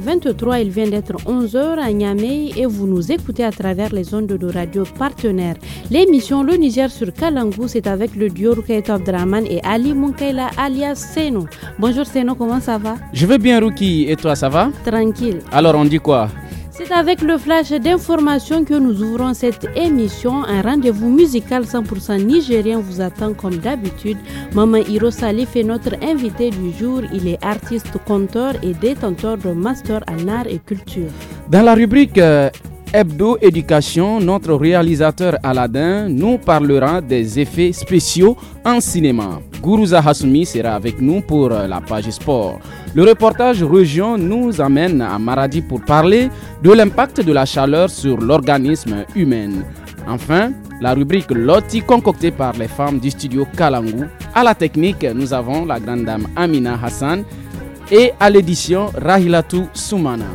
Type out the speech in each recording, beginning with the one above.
23, il vient d'être 11h à Niamey et vous nous écoutez à travers les ondes de radio partenaires. L'émission Le Niger sur Kalangou, c'est avec le duo Rukaito Abdraman et Ali Munkaila alias Seno. Bonjour Seno, comment ça va Je vais bien Ruki, et toi ça va Tranquille. Alors on dit quoi c'est avec le flash d'information que nous ouvrons cette émission. Un rendez-vous musical 100% nigérien vous attend comme d'habitude. Maman Hiro Salif est notre invité du jour. Il est artiste, conteur et détenteur de master en art et culture. Dans la rubrique euh, Hebdo Éducation, notre réalisateur Aladdin nous parlera des effets spéciaux en cinéma. Guru Hassoumi sera avec nous pour euh, la page sport. Le reportage région nous amène à Maradi pour parler de l'impact de la chaleur sur l'organisme humain. Enfin, la rubrique Loti concoctée par les femmes du studio Kalangu. À la technique, nous avons la grande dame Amina Hassan et à l'édition Rahilatou Soumana.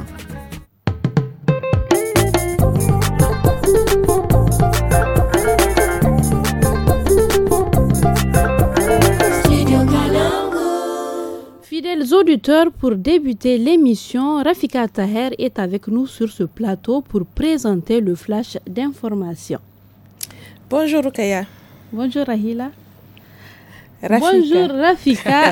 Fidèles auditeurs, pour débuter l'émission, Rafika Taher est avec nous sur ce plateau pour présenter le flash d'information. Bonjour Rukaya. Bonjour Rahila. Bonjour Rafika.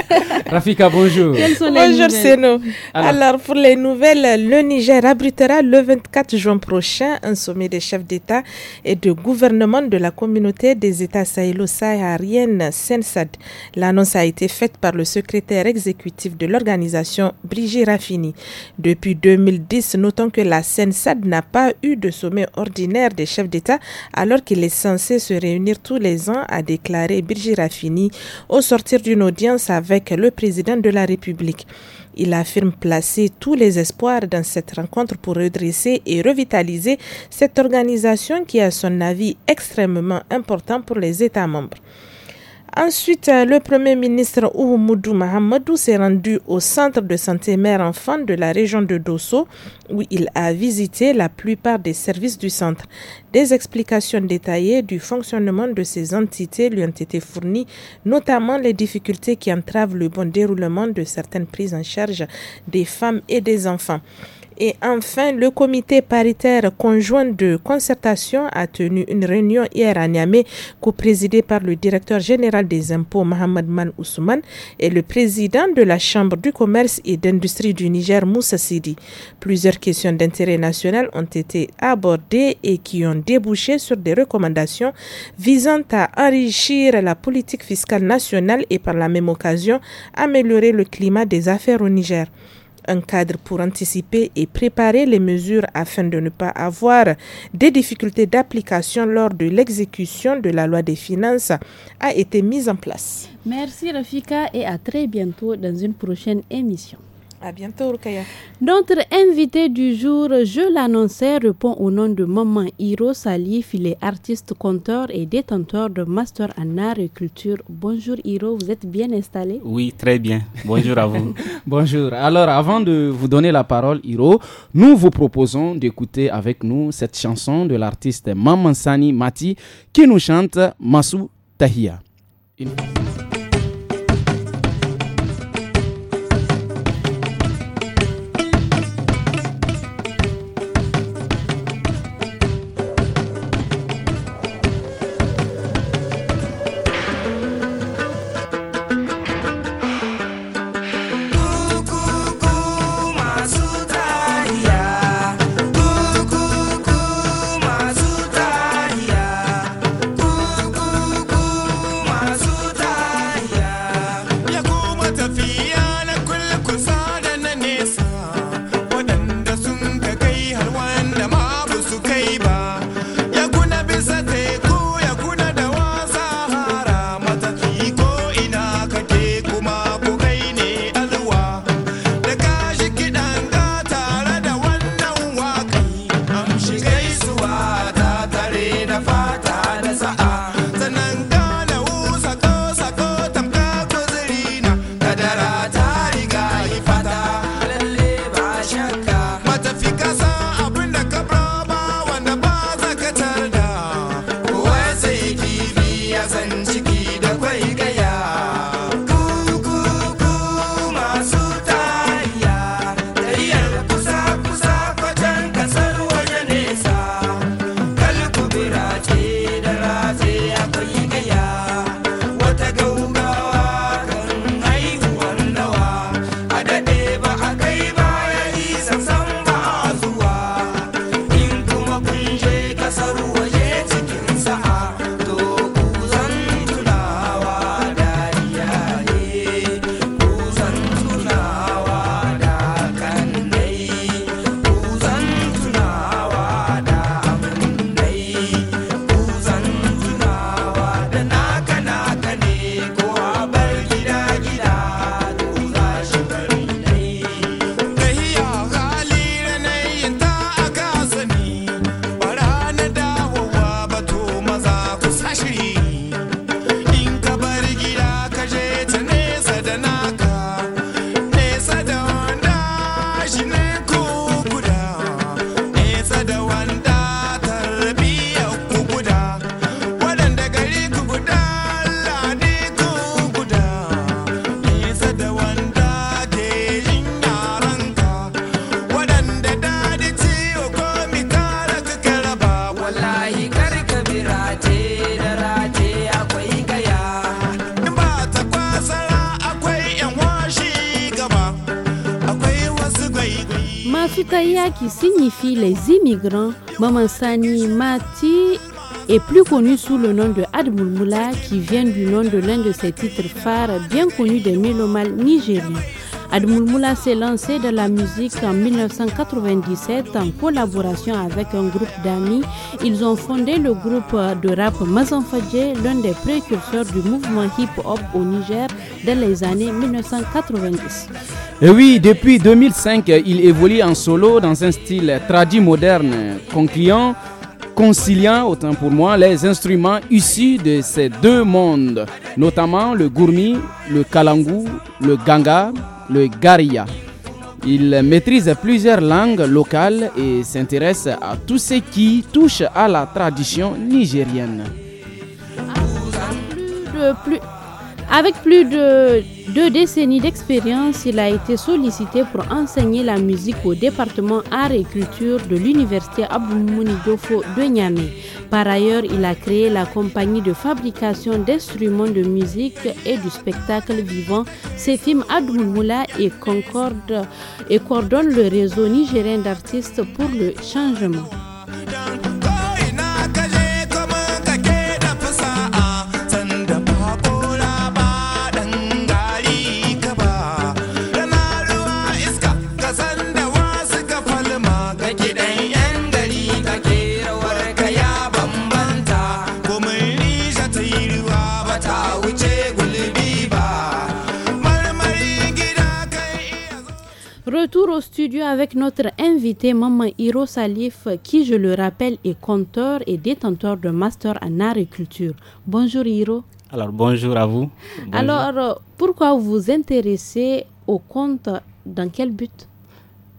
Rafika, bonjour. bonjour Seno. Alors. Alors. pour les nouvelles, le Niger abritera le 24 juin prochain un sommet des chefs d'État et de gouvernement de la communauté des États sahélo-sahariennes, SENSAD. L'annonce a été faite par le secrétaire exécutif de l'organisation, Brigitte Raffini. Depuis 2010, notons que la SENSAD n'a pas eu de sommet ordinaire des chefs d'État alors qu'il est censé se réunir tous les ans, a déclaré Brigitte Raffini fini au sortir d'une audience avec le président de la République. Il affirme placer tous les espoirs dans cette rencontre pour redresser et revitaliser cette organisation qui est à son avis extrêmement importante pour les États membres. Ensuite, euh, le Premier ministre Oumoudou Mahamadou s'est rendu au centre de santé mère-enfant de la région de Dosso où il a visité la plupart des services du centre. Des explications détaillées du fonctionnement de ces entités lui ont été fournies, notamment les difficultés qui entravent le bon déroulement de certaines prises en charge des femmes et des enfants. Et enfin, le comité paritaire conjoint de concertation a tenu une réunion hier à Niamey, co-présidée par le directeur général des impôts Mohamed Man Ousmane et le président de la Chambre du commerce et d'industrie du Niger Moussa Sidi. Plusieurs questions d'intérêt national ont été abordées et qui ont débouché sur des recommandations visant à enrichir la politique fiscale nationale et par la même occasion améliorer le climat des affaires au Niger un cadre pour anticiper et préparer les mesures afin de ne pas avoir des difficultés d'application lors de l'exécution de la loi des finances a été mis en place. Merci Rafika et à très bientôt dans une prochaine émission bientôt, Notre invité du jour, je l'annonçais, répond au nom de Maman Hiro Salif. Il artiste, conteur et détenteur de master en art et culture. Bonjour Hiro, vous êtes bien installé Oui, très bien. Bonjour à vous. Bonjour. Alors, avant de vous donner la parole, Hiro, nous vous proposons d'écouter avec nous cette chanson de l'artiste Maman Sani Mati qui nous chante Masu Tahia. les immigrants, Maman Sani Mati est plus connu sous le nom de Admoulmoula qui vient du nom de l'un de ses titres phares bien connus des Mélomales nigériens. Admoulmoula s'est lancé dans la musique en 1997 en collaboration avec un groupe d'amis. Ils ont fondé le groupe de rap Mazanfadje, l'un des précurseurs du mouvement hip-hop au Niger dans les années 1990. Et oui, depuis 2005, il évolue en solo dans un style tradit moderne, conciliant, conciliant autant pour moi les instruments issus de ces deux mondes, notamment le gourmi, le kalangu, le ganga, le garia. Il maîtrise plusieurs langues locales et s'intéresse à tout ce qui touche à la tradition nigérienne. Ah, plus, avec plus de deux décennies d'expérience, il a été sollicité pour enseigner la musique au département art et Culture de l'Université Abou Diofo de Niamey. Par ailleurs, il a créé la compagnie de fabrication d'instruments de musique et du spectacle vivant films Adoumoula et Concorde et coordonne le réseau nigérien d'artistes pour le changement. retour au studio avec notre invité Maman Hiro Salif, qui, je le rappelle, est conteur et détenteur de master en agriculture. Bonjour Hiro. Alors bonjour à vous. Alors euh, pourquoi vous vous intéressez au conte Dans quel but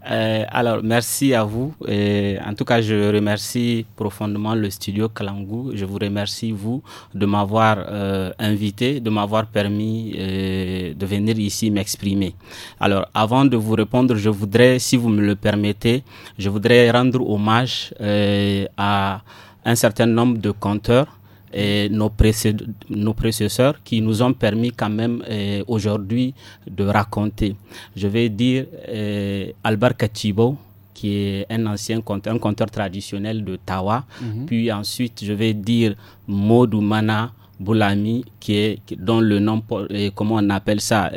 euh, alors, merci à vous. Et euh, en tout cas, je remercie profondément le studio Kalangu. Je vous remercie, vous, de m'avoir euh, invité, de m'avoir permis de venir ici m'exprimer. Alors, avant de vous répondre, je voudrais, si vous me le permettez, je voudrais rendre hommage à un certain nombre de conteurs et nos, précesseurs qui nous ont permis quand même euh, aujourd'hui de raconter. Je vais dire euh, Albert Kachibo, qui est un ancien conteur, un traditionnel de Tawa. Mhm. Puis ensuite, je vais dire Mana Boulami, qui est, dont le nom, comment on appelle ça,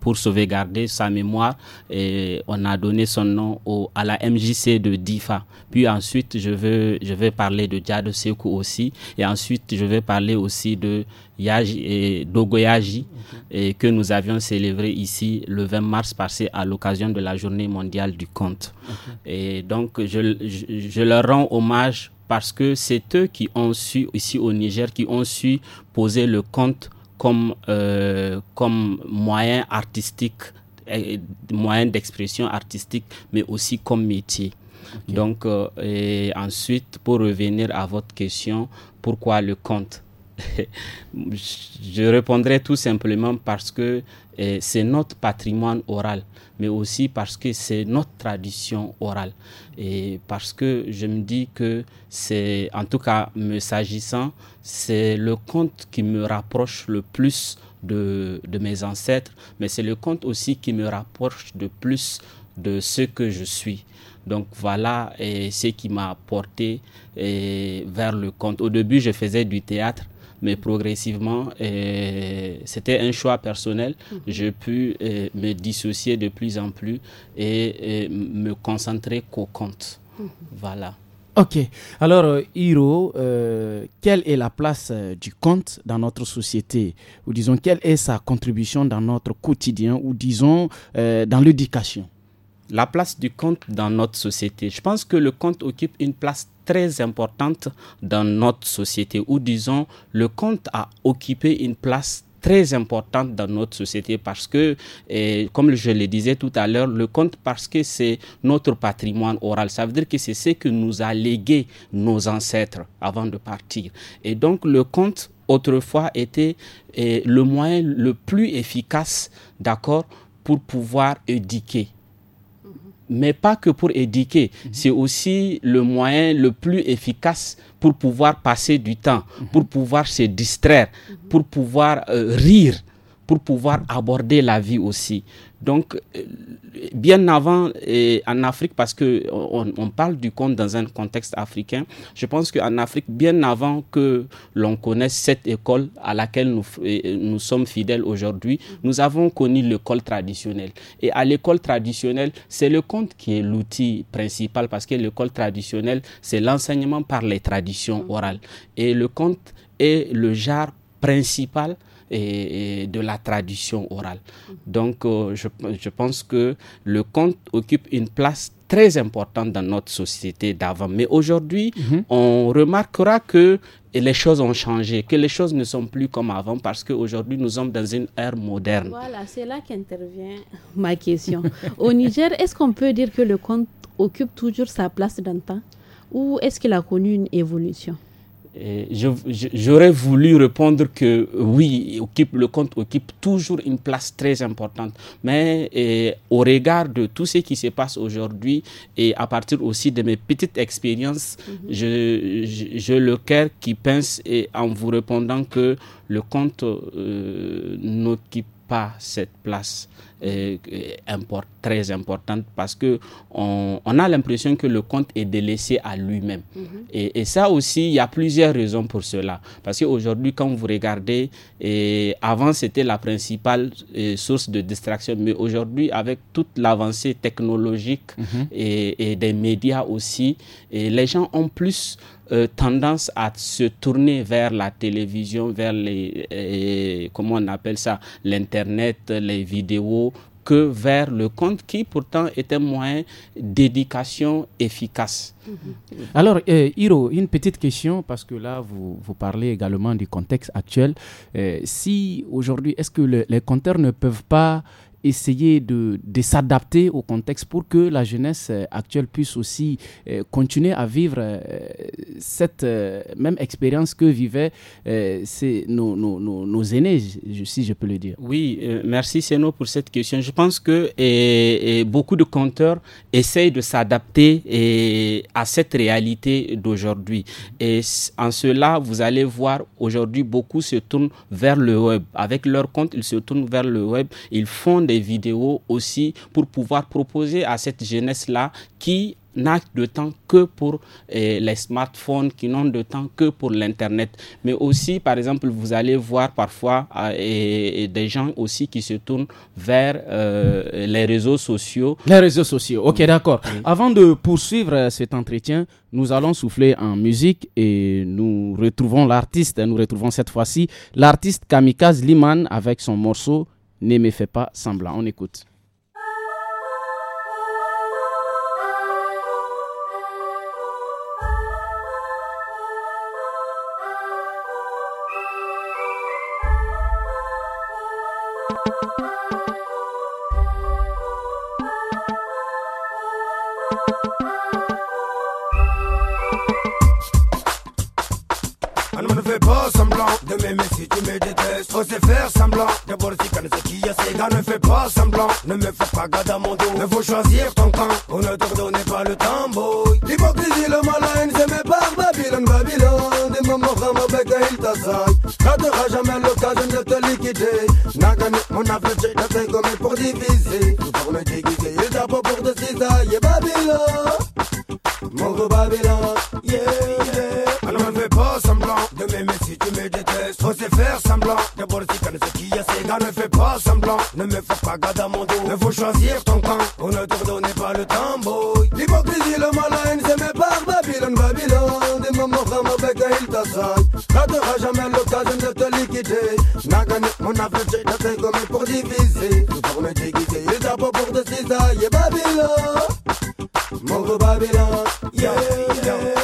pour sauvegarder sa mémoire, et on a donné son nom à la MJC de Difa. Puis ensuite, je vais, je vais parler de Diado Sekou aussi, et ensuite, je vais parler aussi de Yaji, et Dogoyaji, et que nous avions célébré ici le 20 mars passé à l'occasion de la journée mondiale du conte. Et donc, je, je, je leur rends hommage parce que c'est eux qui ont su, ici au Niger, qui ont su poser le compte comme, euh, comme moyen artistique, euh, moyen d'expression artistique, mais aussi comme métier. Donc, euh, et ensuite, pour revenir à votre question, pourquoi le compte Je répondrai tout simplement parce que c'est notre patrimoine oral, mais aussi parce que c'est notre tradition orale. Et parce que je me dis que c'est, en tout cas me s'agissant, c'est le conte qui me rapproche le plus de, mes ancêtres, mais c'est le conte aussi qui me rapproche le plus de ce que je suis. Donc voilà ce qui m'a porté vers le conte. Au début, je faisais du théâtre mais progressivement, c'était un choix personnel. Mhm. J'ai pu me dissocier de plus en plus et, me concentrer qu'au compte. Mhm. Voilà. Ok. Alors, Hiro, euh, quelle est la place euh, du compte dans notre société Ou disons, quelle est sa contribution dans notre quotidien Ou disons, euh, dans l'éducation La place du compte dans notre société. Je pense que le compte occupe une place très importante dans notre société, ou disons, le conte a occupé une place très importante dans notre société parce que, comme je le disais tout à l'heure, le conte, parce que c'est notre patrimoine oral, ça veut dire que c'est ce que nous a légué nos ancêtres avant de partir. Et donc le conte, autrefois, était le moyen le plus efficace, d'accord, pour pouvoir éduquer mais pas que pour éduquer. Mhm. C'est aussi le moyen le plus efficace pour pouvoir passer du temps, mhm. pour pouvoir se distraire, pour pouvoir euh, rire pour pouvoir aborder la vie aussi. Donc, euh, bien avant euh, en Afrique, parce que on, parle du conte dans un contexte africain, je pense qu'en Afrique, bien avant que l'on connaisse cette école à laquelle nous, euh, nous sommes fidèles aujourd'hui, nous avons connu l'école traditionnelle. Et à l'école traditionnelle, c'est le conte qui est l'outil principal, parce que l'école traditionnelle, c'est l'enseignement par les traditions orales. Et le conte est le genre principal et, de la tradition orale. Donc euh, je, pense que le conte occupe une place très importante dans notre société d'avant. Mais aujourd'hui, mhm. on remarquera que les choses ont changé, que les choses ne sont plus comme avant parce qu'aujourd'hui, nous sommes dans une ère moderne. Voilà, c'est là qu'intervient ma question. Au Niger, est-ce qu'on peut dire que le conte occupe toujours sa place dans le temps ou est-ce qu'il a connu une évolution J'aurais voulu répondre que oui, occupe, le compte occupe toujours une place très importante, mais eh, au regard de tout ce qui se passe aujourd'hui et à partir aussi de mes petites expériences, mhm. j'ai je, le cœur qui pense et en vous répondant que le compte euh, n'occupe pas cette place euh, euh, très importante parce que on, a l'impression que le compte est délaissé à lui-même. Mhm. et, ça aussi, il y a plusieurs raisons pour cela. Parce qu'aujourd'hui, quand vous regardez, et avant c'était la principale euh, source de distraction, mais aujourd'hui, avec toute l'avancée technologique mhm. et, et, des médias aussi, les gens ont plus euh, tendance à se tourner vers la télévision, vers les, euh, comment on appelle ça, l'internet, les vidéos, que vers le compte qui pourtant est un moyen d'éducation efficace. Mm-hmm. Alors, euh, Hiro, une petite question parce que là, vous, vous parlez également du contexte actuel. si aujourd'hui, est-ce que les compteurs ne peuvent pas essayer de, de s'adapter au contexte pour que la jeunesse euh, actuelle puisse aussi euh, continuer à vivre euh, cette même expérience que vivaient nos, nos, nos, aînés, si je peux le dire. Oui, merci Seno pour cette question. Je pense que et, beaucoup de compteurs essayent de s'adapter à cette réalité d'aujourd'hui. Et en cela, vous allez voir aujourd'hui, beaucoup se tournent vers le web. Avec leur compte, ils se tournent vers le web. Ils font des vidéos aussi pour pouvoir proposer à cette jeunesse-là qui n'a de temps que pour eh, les smartphones, qui n'ont de temps que pour l'Internet. Mais aussi, par exemple, vous allez voir parfois ah, et, des gens aussi qui se tournent vers euh, les réseaux sociaux. Les réseaux sociaux, ok, d'accord. Avant de poursuivre euh, cet entretien, nous allons souffler en musique et nous retrouvons l'artiste, nous retrouvons cette fois-ci l'artiste Kamikaze Liman avec son morceau ne me fais pas semblant. On écoute. fais pas semblant de m'aimer si tu me détestes. Faut faire semblant. D'abord, si qui y qui est gars, ne fais pas semblant. Ne me fais pas garder à mon dos. Ne faut choisir ton camp. On ne te redonne pas le tambour L'hypocrisie, le malin c'est mes par Babylone, Babylone. Des moments vraiment bec il t'assaille. T'auras jamais l'occasion de te liquider. N'a gagné mon avenir, j'ai comme il pour diviser. Tout pour le déguiser, il t'a pas pour te cisailler. Babylone, mon gros Babylone, yeah, yeah ne me fais pas semblant de m'aimer si tu me détestes. Faut se faire semblant d'abord si tu ne qui assez. Gars, ne fais pas semblant, ne me fais pas garde à mon dos. Ne faut choisir ton camp, on ne te redonne pas le temps, boy. L'hypocrisie, le malin c'est mes par Babylone, Babylone. Des moments comme avec un il t'assaille. T'auras jamais l'occasion de te liquider. N'a gagné mon affaire, j'ai tâté comme pour diviser. Tout pour me déguiser, et pas pour te cisailler, Babylone. Mon Babylone, yeah, yeah.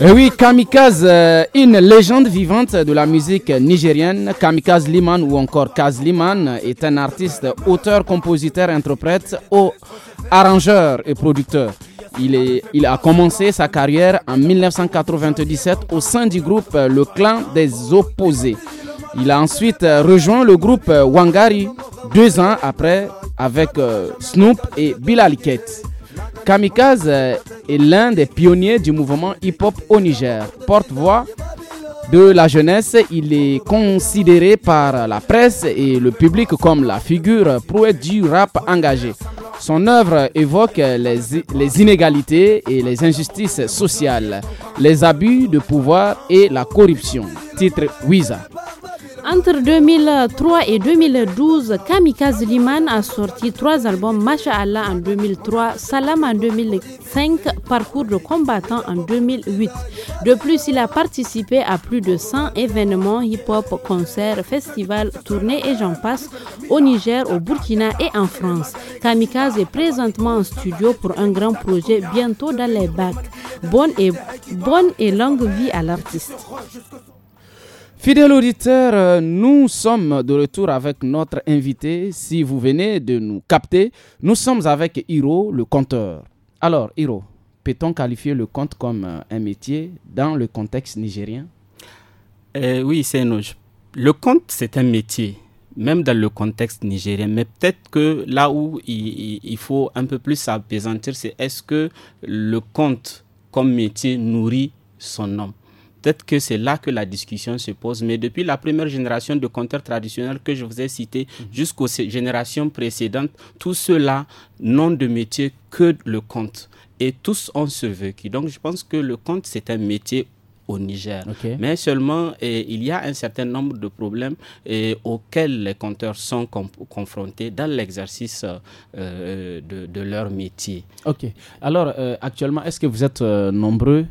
Eh oui, Kamikaze, euh, une légende vivante de la musique nigérienne, Kamikaze Liman ou encore Kaz Liman est un artiste, auteur, compositeur, interprète, arrangeur et producteur. Il, a commencé sa carrière en 1997 au sein du groupe euh, Le Clan des Opposés. Il a ensuite euh, rejoint le groupe Wangari deux ans après avec Snoop et Bill Kate. Kamikaze est l'un des pionniers du mouvement hip-hop au Niger. Porte-voix de la jeunesse, il est considéré par la presse et le public comme la figure prouée du rap engagé. Son œuvre évoque les, les, inégalités et les injustices sociales, les abus de pouvoir et la corruption. Titre Wiza. Entre 2003 et 2012, Kamikaze Liman a sorti trois albums Masha'Allah en 2003, Salam en 2005, Parcours de combattant en 2008. De plus, il a participé à plus de 100 événements hip-hop, concerts, festivals, tournées et j'en passe au Niger, au Burkina et en France. Kamikaze est présentement en studio pour un grand projet bientôt dans les bacs. Bonne et, bonne et longue vie à l'artiste. Fidèle auditeur, euh, nous sommes de retour avec notre invité. Si vous venez de nous capter, nous sommes avec Hiro, le conteur. Alors, Hiro, peut-on qualifier le conte comme euh, un métier dans le contexte nigérien euh, Oui, c'est Le conte, c'est un métier, même dans le contexte nigérien. Mais peut-être que là où il, faut un peu plus s'apaisantir, c'est est-ce que le conte comme métier nourrit son homme Peut-être que c'est là que la discussion se pose, mais depuis la première génération de compteurs traditionnels que je vous ai cités mhm. jusqu'aux générations précédentes, tous ceux-là n'ont de métier que le compte. Et tous ont ce vécu. Donc je pense que le compte, c'est un métier au Niger. Mais seulement, il y a un certain nombre de problèmes auxquels les compteurs sont confrontés dans l'exercice euh, de, leur métier. Ok. Alors, euh, actuellement, est-ce que vous êtes euh, nombreux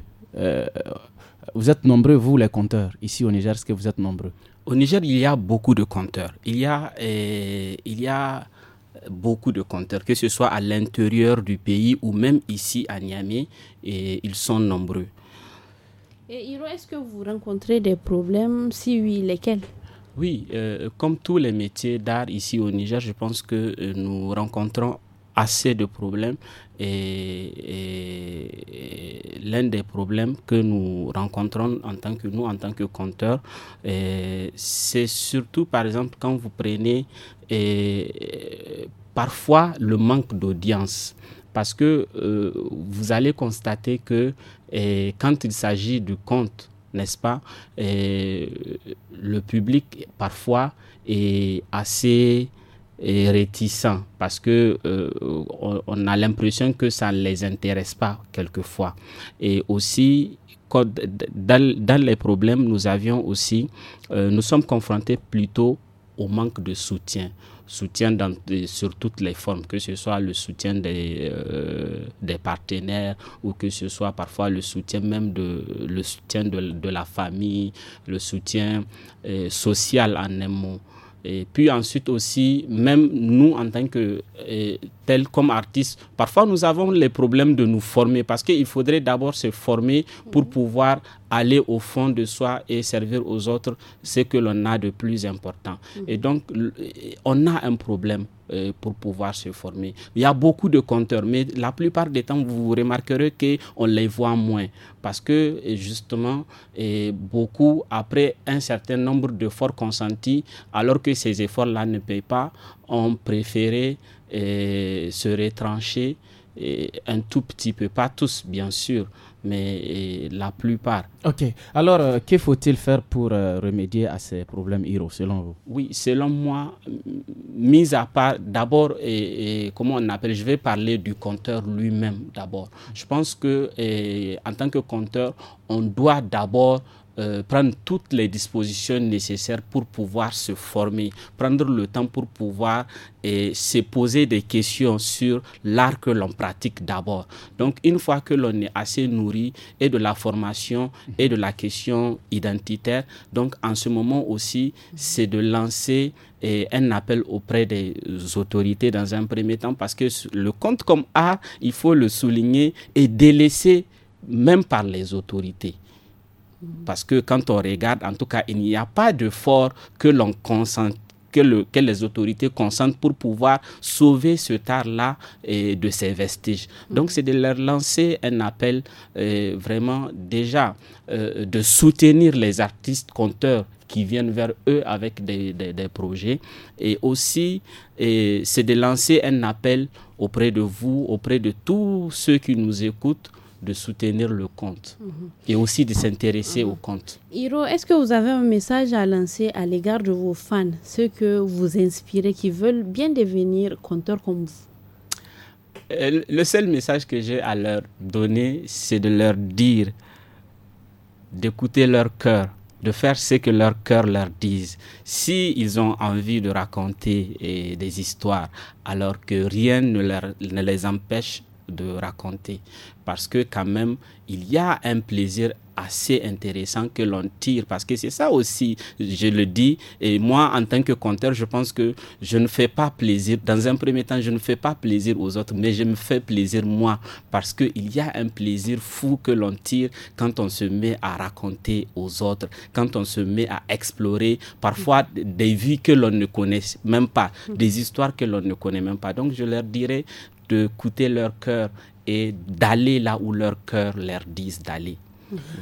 vous êtes nombreux, vous, les compteurs, ici au Niger, est-ce que vous êtes nombreux Au Niger, il y a beaucoup de compteurs. Il y a, eh, il y a beaucoup de compteurs, que ce soit à l'intérieur du pays ou même ici à Niamey, ils sont nombreux. Et Hiro, est-ce que vous rencontrez des problèmes Si oui, lesquels Oui, euh, comme tous les métiers d'art ici au Niger, je pense que euh, nous rencontrons assez de problèmes et l'un des problèmes que nous rencontrons en tant que nous, en tant que compteurs. C'est surtout, par exemple, quand vous prenez parfois le manque d'audience. Parce que euh, vous allez constater que quand il s'agit du compte, n'est-ce pas, et, le public parfois est assez et réticents parce que euh, on, a l'impression que ça ne les intéresse pas quelquefois. Et aussi, quand, dans, les problèmes, nous avions aussi, euh, nous sommes confrontés plutôt au manque de soutien soutien dans, euh, sur toutes les formes, que ce soit le soutien des, des partenaires ou que ce soit parfois le soutien même de, le soutien de, la famille, le soutien social en un mot. Et puis ensuite aussi, même nous en tant que tels comme artistes, parfois nous avons les problèmes de nous former parce qu'il faudrait d'abord se former pour pouvoir aller au fond de soi et servir aux autres, c'est que l'on a de plus important. Mhm. Et donc, euh, on a un problème euh, pour pouvoir se former. Il y a beaucoup de compteurs, mais la plupart des temps, vous remarquerez qu'on les voit moins parce que euh, justement, et beaucoup, après un certain nombre d'efforts consentis, alors que ces efforts-là ne payent pas, ont préféré se retrancher et, un tout petit peu, pas tous bien sûr, mais la plupart. Ok. Alors, euh, que faut-il faire pour euh, remédier à ces problèmes Hiro selon vous Oui, selon moi, mis à part, d'abord, et, comment on appelle, je vais parler du compteur lui-même d'abord. Je pense que, en tant que compteur, on doit d'abord euh, prendre toutes les dispositions nécessaires pour pouvoir se former, prendre le temps pour pouvoir et se poser des questions sur l'art que l'on pratique d'abord. Donc une fois que l'on est assez nourri et de la formation et de la question identitaire, donc en ce moment aussi, c'est de lancer un appel auprès des autorités dans un premier temps parce que le compte comme art, il faut le souligner et délaissé même par les autorités. Parce que quand on regarde, en tout cas, il n'y a pas fort que l'on que, les autorités consentent pour pouvoir sauver ce tard-là de ses vestiges. Donc, c'est de leur lancer un appel euh, vraiment déjà euh, de soutenir les artistes conteurs qui viennent vers eux avec des, projets. Et aussi, c'est de lancer un appel auprès de vous, auprès de tous ceux qui nous écoutent, de soutenir le conte mhm. et aussi de s'intéresser mhm. au conte Hiro, est-ce que vous avez un message à lancer à l'égard de vos fans, ceux que vous inspirez, qui veulent bien devenir conteurs comme vous euh, Le seul message que j'ai à leur donner, c'est de leur dire d'écouter leur cœur de faire ce que leur cœur leur dise. si ils ont envie de raconter eh, des histoires, alors que rien ne les empêche de raconter. Parce que quand même, il y a un plaisir assez intéressant que l'on tire parce que c'est ça aussi je le dis et moi en tant que conteur je pense que je ne fais pas plaisir dans un premier temps je ne fais pas plaisir aux autres mais je me fais plaisir moi parce que il y a un plaisir fou que l'on tire quand on se met à raconter aux autres quand on se met à explorer parfois des vies que l'on ne connaît même pas des histoires que l'on ne connaît même pas donc je leur dirais d'écouter leur cœur et d'aller là où leur cœur leur dit d'aller.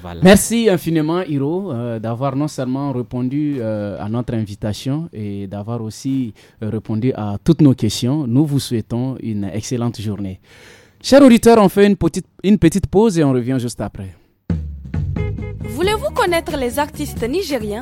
Voilà. Merci infiniment, Hiro, euh, d'avoir non seulement répondu euh, à notre invitation et d'avoir aussi euh, répondu à toutes nos questions. Nous vous souhaitons une excellente journée. Chers auditeurs, on fait une petite, une petite pause et on revient juste après. Voulez-vous connaître les artistes nigériens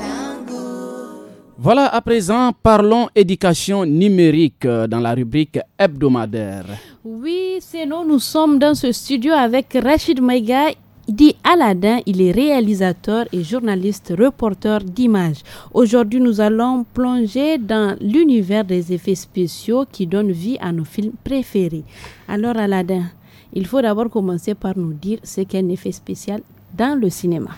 Voilà, à présent, parlons éducation numérique euh, dans la rubrique hebdomadaire. Oui, c'est nous, nous sommes dans ce studio avec Rachid Maïga, dit Aladdin. il est réalisateur et journaliste reporter d'images. Aujourd'hui, nous allons plonger dans l'univers des effets spéciaux qui donnent vie à nos films préférés. Alors, Aladdin, il faut d'abord commencer par nous dire ce qu'est un effet spécial dans le cinéma.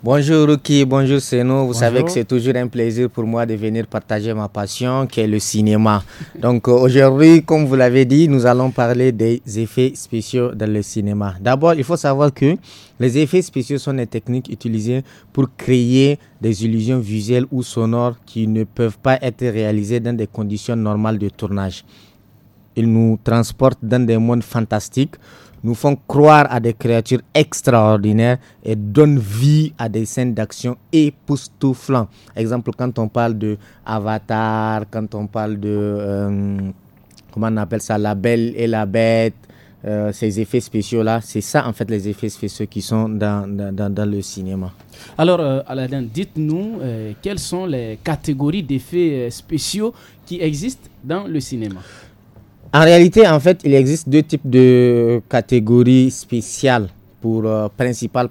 Bonjour Ruki, bonjour Seno. Vous savez que c'est toujours un plaisir pour moi de venir partager ma passion qui est le cinéma. Donc euh, aujourd'hui, comme vous l'avez dit, nous allons parler des effets spéciaux dans le cinéma. D'abord, il faut savoir que les effets spéciaux sont des techniques utilisées pour créer des illusions visuelles ou sonores qui ne peuvent pas être réalisées dans des conditions normales de tournage. Ils nous transportent dans des mondes fantastiques nous font croire à des créatures extraordinaires et donnent vie à des scènes d'action époustouflantes. Exemple, quand on parle de Avatar, quand on parle de, euh, comment on appelle ça, La Belle et la Bête, euh, ces effets spéciaux-là, c'est ça en fait les effets spéciaux qui sont dans, dans, le cinéma. Alors euh, Aladdin, dites-nous quelles sont les catégories d'effets spéciaux qui existent dans le cinéma en réalité, en fait, il existe deux types de catégories spéciales pour euh,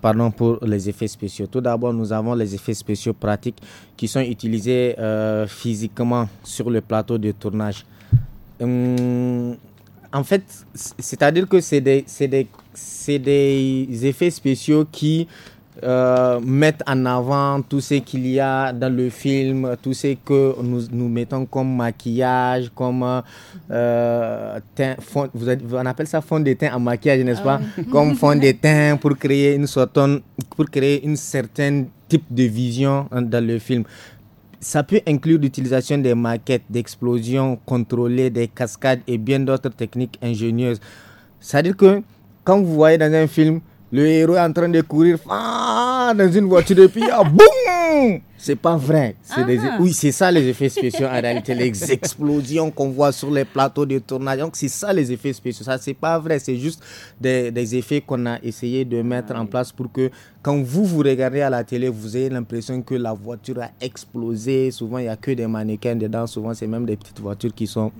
pardon pour les effets spéciaux. Tout d'abord, nous avons les effets spéciaux pratiques qui sont utilisés euh, physiquement sur le plateau de tournage. Hum, en fait, c'est-à-dire que c'est des, des, des effets spéciaux qui euh, mettre en avant tout ce qu'il y a dans le film, tout ce que nous, nous mettons comme maquillage, comme euh, teint, fond, vous on appelle ça fond de teint en maquillage, n'est-ce pas ah Comme fond de teint pour créer une certaine, pour créer une certaine type de vision hein, dans le film. Ça peut inclure l'utilisation des maquettes, d'explosions contrôlées, des cascades et bien d'autres techniques ingénieuses. C'est-à-dire que quand vous voyez dans un film, le héros est en train de courir ah, dans une voiture de puis boum C'est pas vrai. Ah. Oui, c'est ça les effets spéciaux en réalité, les explosions qu'on voit sur les plateaux de tournage. Donc c'est ça les effets spéciaux. Ça c'est pas vrai, c'est juste des, effets qu'on a essayé de mettre en place pour que quand vous vous regardez à la télé, vous ayez l'impression que la voiture a explosé. Souvent il y a que des mannequins dedans, souvent c'est même des petites voitures qui sont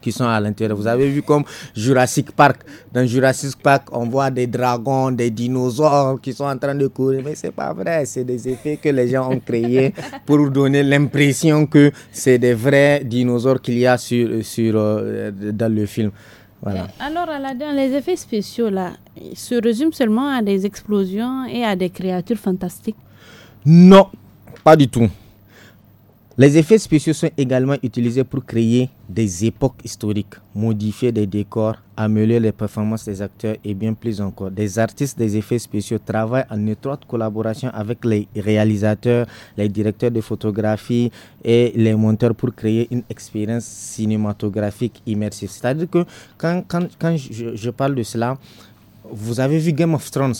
qui sont à l'intérieur. Vous avez vu comme Jurassic Park. Dans Jurassic Park, on voit des dragons, des dinosaures qui sont en train de courir. Mais c'est pas vrai. C'est des effets que les gens ont créés pour donner l'impression que c'est des vrais dinosaures qu'il y a sur, sur, euh, dans le film. Voilà. Euh, alors, Aladdin, les effets spéciaux, là, se résument seulement à des explosions et à des créatures fantastiques Non, pas du tout. Les effets spéciaux sont également utilisés pour créer des époques historiques, modifier des décors, améliorer les performances des acteurs et bien plus encore. Des artistes des effets spéciaux travaillent en étroite collaboration avec les réalisateurs, les directeurs de photographie et les monteurs pour créer une expérience cinématographique immersive. C'est-à-dire que quand, je parle de cela, vous avez vu Game of Thrones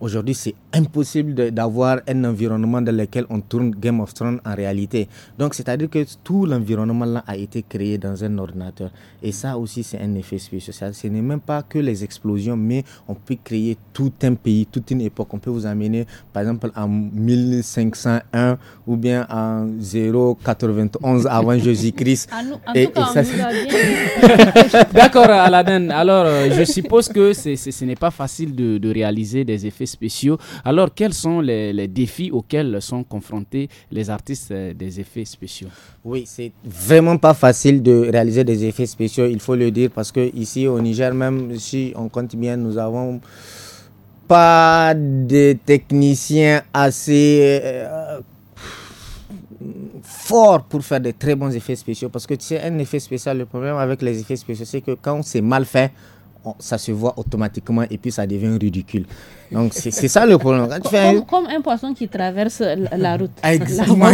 Aujourd'hui, c'est impossible d'avoir un environnement dans lequel on tourne Game of Thrones en réalité. Donc, c'est-à-dire que tout l'environnement là a été créé dans un ordinateur. Et ça aussi, c'est un effet spécial. Ce n'est même pas que les explosions, mais on peut créer tout un pays, toute une époque. On peut vous amener, par exemple, en 1501 ou bien en 091 avant Jésus-Christ. et, tout cas, D'accord, Aladdin. Alors, euh, je suppose que ce n'est pas facile de, de réaliser des spéciaux. Alors, quels sont les, défis auxquels sont confrontés les artistes euh, des effets spéciaux Oui, c'est vraiment pas facile de réaliser des effets spéciaux, il faut le dire, parce que ici au Niger, même si on compte bien, nous avons pas de techniciens assez fort euh, forts pour faire de très bons effets spéciaux. Parce que tu sais, un effet spécial, le problème avec les effets spéciaux, c'est que quand c'est mal fait, ça se voit automatiquement et puis ça devient ridicule. Donc, c'est ça le problème. comme, un... poisson qui traverse la route. Ah, Exactement.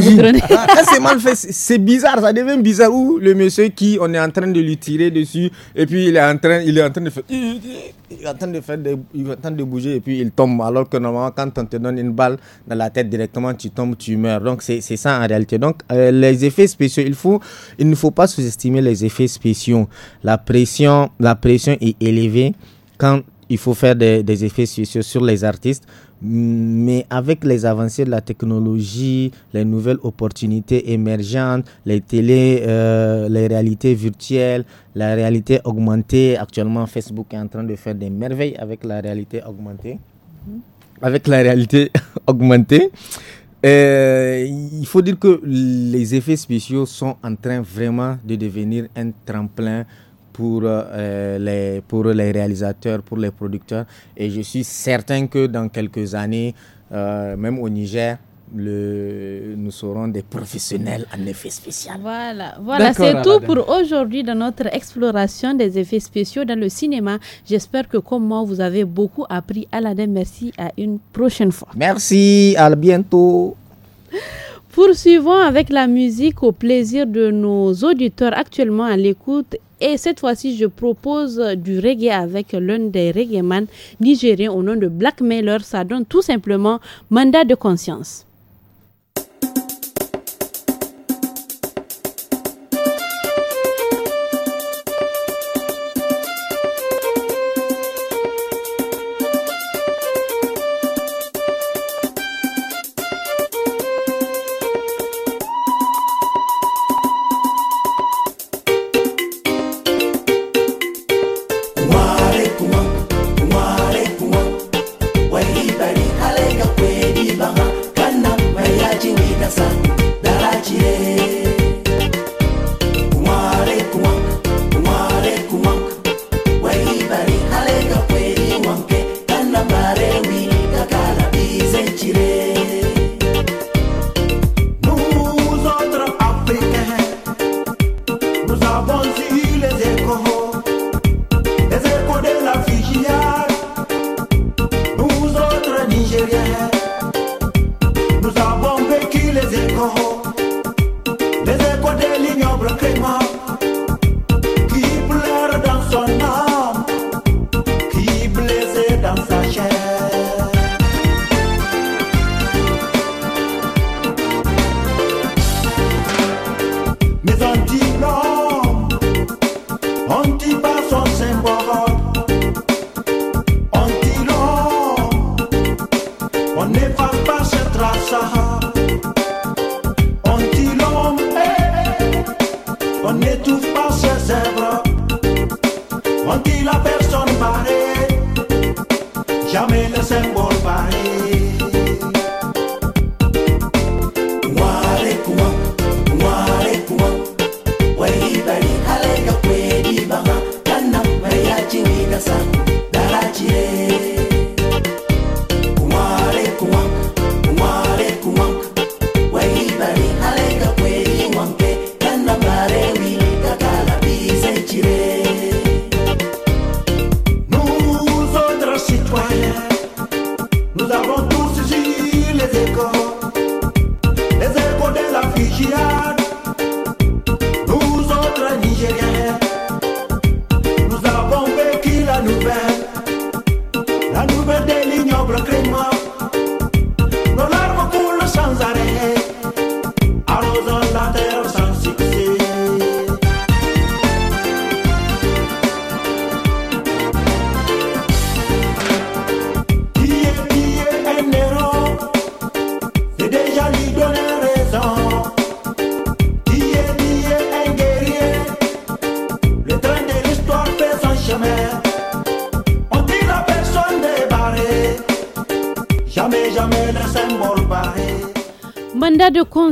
c'est mal fait, c'est bizarre. Ça devient bizarre. Où le monsieur qui, on est en train de lui tirer dessus, et puis il est en train, il est en train de faire. Il est en train de, faire il est en train de bouger, et puis il tombe. Alors que normalement, quand on te donne une balle dans la tête directement, tu tombes, tu meurs. Donc, c'est ça en réalité. Donc, euh, les effets spéciaux, il, faut, il ne faut pas sous-estimer les effets spéciaux. La pression, la pression est élevée quand il faut faire des, effets spéciaux sur les artistes. Mais avec les avancées de la technologie, les nouvelles opportunités émergentes, les télé, euh, les réalités virtuelles, la réalité augmentée, actuellement Facebook est en train de faire des merveilles avec la réalité augmentée. Mhm. Avec la réalité augmentée, il faut dire que les effets spéciaux sont en train vraiment de devenir un tremplin pour, euh, les, pour les réalisateurs, pour les producteurs. Et je suis certain que dans quelques années, euh, même au Niger, le, nous serons des professionnels en effets spéciaux. Voilà, voilà c'est tout pour aujourd'hui dans notre exploration des effets spéciaux dans le cinéma. J'espère que comme moi, vous avez beaucoup appris. Aladdin, merci à une prochaine fois. Merci, à bientôt. Poursuivons avec la musique au plaisir de nos auditeurs actuellement à l'écoute et cette fois-ci, je propose euh, du reggae avec l'un des reggae man nigériens au nom de Black Ça donne tout simplement mandat de conscience.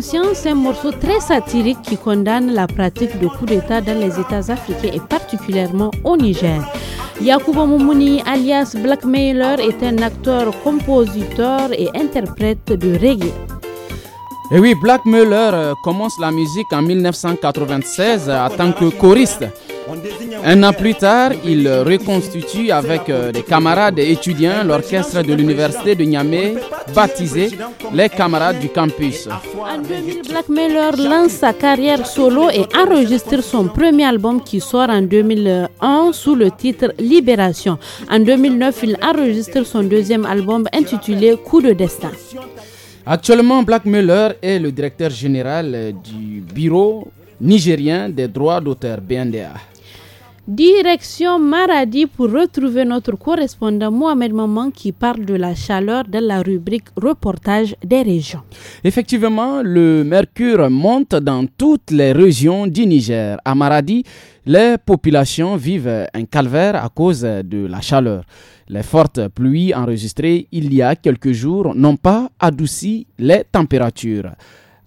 C'est un morceau très satirique qui condamne la pratique de coup d'État dans les États africains et particulièrement au Niger. Yakubo Moumouni, alias blackmailer est un acteur, compositeur et interprète de reggae. Et oui, Black euh, commence la musique en 1996 euh, en tant que choriste. Un an plus tard, il reconstitue avec euh, des camarades et étudiants l'orchestre de l'université de Niamey baptisé les camarades du campus. En 2000, Black Miller lance sa carrière solo et enregistre son premier album qui sort en 2001 sous le titre Libération. En 2009, il enregistre son deuxième album intitulé Coup de destin. Actuellement, Black Miller est le directeur général du bureau nigérien des droits d'auteur BNDA. Direction Maradi pour retrouver notre correspondant Mohamed Maman qui parle de la chaleur dans la rubrique reportage des régions. Effectivement, le mercure monte dans toutes les régions du Niger. À Maradi, les populations vivent un calvaire à cause de la chaleur. Les fortes pluies enregistrées il y a quelques jours n'ont pas adouci les températures.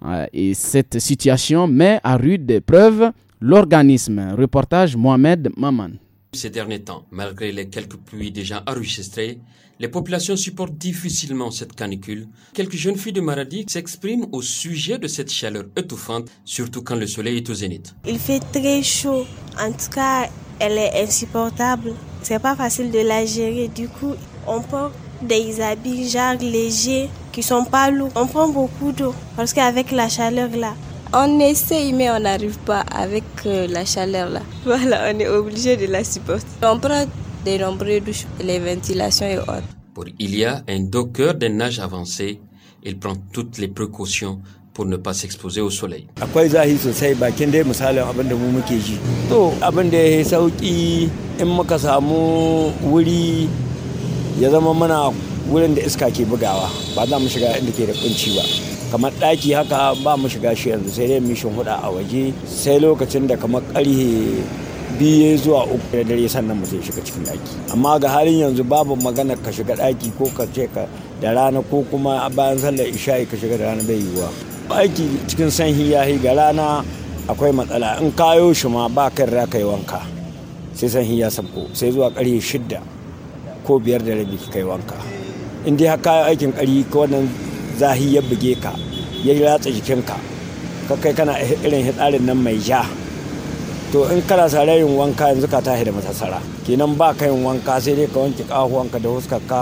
Euh, et cette situation met à rude épreuve l'organisme. Reportage Mohamed Maman. Ces derniers temps, malgré les quelques pluies déjà enregistrées, les populations supportent difficilement cette canicule. Quelques jeunes filles de Maradi s'expriment au sujet de cette chaleur étouffante, surtout quand le soleil est au zénith. Il fait très chaud. En tout cas, elle est insupportable. C'est pas facile de la gérer. Du coup, on porte des habits genre légers qui sont pas lourds. On prend beaucoup d'eau parce qu'avec la chaleur là, on essaye, mais on n'arrive pas avec euh, la chaleur là. Voilà, on est obligé de la supporter. On prend des nombreuses douches, les ventilations et autres. Pour Ilya, un docker d'un âge avancé, il prend toutes les précautions pour ne pas s'exposer au soleil. Akwai zahi sosai bakin dai misalin abin da mu muke ji. To abin da ya sauki in muka samu wuri ya zama mana wurin da iska ke bugawa ba za mu shiga inda da kunci kamar ɗaki haka ba mu shiga shi yanzu sai dai mishin huda a waje sai lokacin da kamar ƙarhe biye zuwa uku da dare sannan mu zai shiga cikin ɗaki amma ga halin yanzu babu magana ka shiga ɗaki ko ka ce ka da rana ko kuma bayan sallar isha'i ka shiga da rana bai yiwuwa aiki cikin sanyi ya yi ga rana akwai matsala in kayo shi ma ba kai ra kai wanka sai sanyi ya sabko sai zuwa ƙarhe shidda ko biyar da rabi kai wanka in dai haka aikin ƙari ko wannan zahi ya buge ka ya ratsa jikinka ka kai kana irin hitsarin nan mai ja to in kana sararin wanka yanzu ka tashi da matasara kenan ba ka yin wanka sai dai ka wanke kahuwanka da huskarka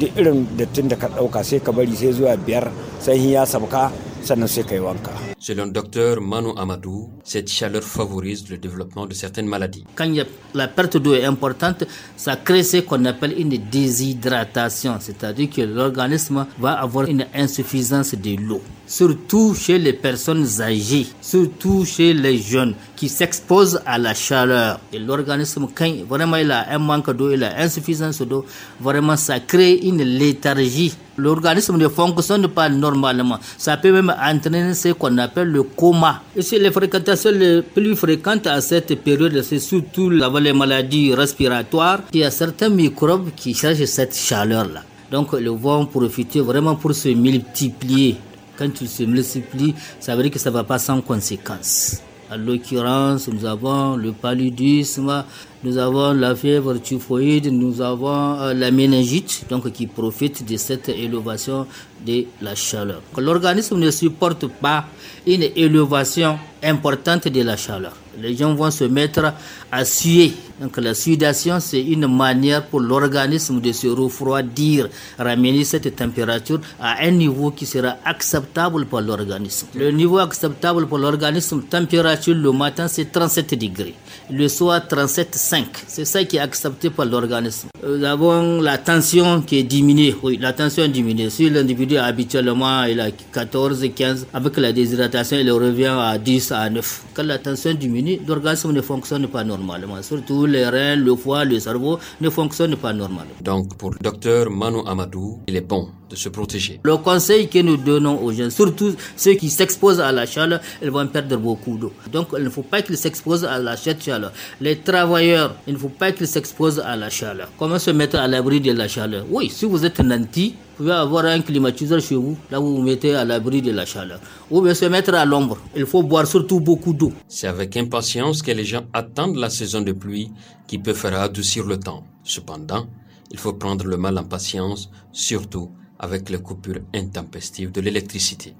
duk irin dattin da ka ɗauka sai ka bari sai zuwa biyar sai ya sabka sannan sai ka yi wanka Selon le docteur Manu Amadou, cette chaleur favorise le développement de certaines maladies. Quand la perte d'eau est importante, ça crée ce qu'on appelle une déshydratation, c'est-à-dire que l'organisme va avoir une insuffisance de l'eau. Surtout chez les personnes âgées, surtout chez les jeunes qui s'exposent à la chaleur. Et l'organisme, quand vraiment il a un manque d'eau, il a insuffisance d'eau, vraiment ça crée une léthargie. L'organisme ne fonctionne pas normalement. Ça peut même entraîner ce qu'on appelle le coma. Et c'est les fréquentations les plus fréquentes à cette période, c'est surtout les maladies respiratoires. Il y a certains microbes qui cherchent cette chaleur-là. Donc, le vont profiter vraiment pour se multiplier. Quand tu se multiplie ça veut dire que ça ne va pas sans conséquence. En l'occurrence, nous avons le paludisme, nous avons la fièvre typhoïde, nous avons euh, la méningite, donc qui profite de cette élévation de la chaleur. L'organisme ne supporte pas une élévation importante de la chaleur. Les gens vont se mettre à suer donc la sudation, c'est une manière pour l'organisme de se refroidir, ramener cette température à un niveau qui sera acceptable pour l'organisme. Le niveau acceptable pour l'organisme, température le matin, c'est 37 degrés. Le soir, 37,5. C'est ça qui est accepté par l'organisme. Nous avons la tension qui est diminuée. Oui, la tension diminue. Si l'individu habituellement il a 14, 15, avec la déshydratation, il revient à 10, à 9. Quand la tension diminue, l'organisme ne fonctionne pas normalement. Surtout les reins, le foie, le cerveau ne fonctionnent pas normalement. Donc pour le docteur Manu Amadou, il est bon se protéger. Le conseil que nous donnons aux jeunes, surtout ceux qui s'exposent à la chaleur, ils vont perdre beaucoup d'eau. Donc il ne faut pas qu'ils s'exposent à la chaleur. Les travailleurs, il ne faut pas qu'ils s'exposent à la chaleur. Comment se mettre à l'abri de la chaleur Oui, si vous êtes nanti, vous pouvez avoir un climatiseur chez vous, là vous vous mettez à l'abri de la chaleur. Ou bien se mettre à l'ombre. Il faut boire surtout beaucoup d'eau. C'est avec impatience que les gens attendent la saison de pluie qui peut faire adoucir le temps. Cependant, il faut prendre le mal en patience, surtout avec les coupures intempestives de l'électricité.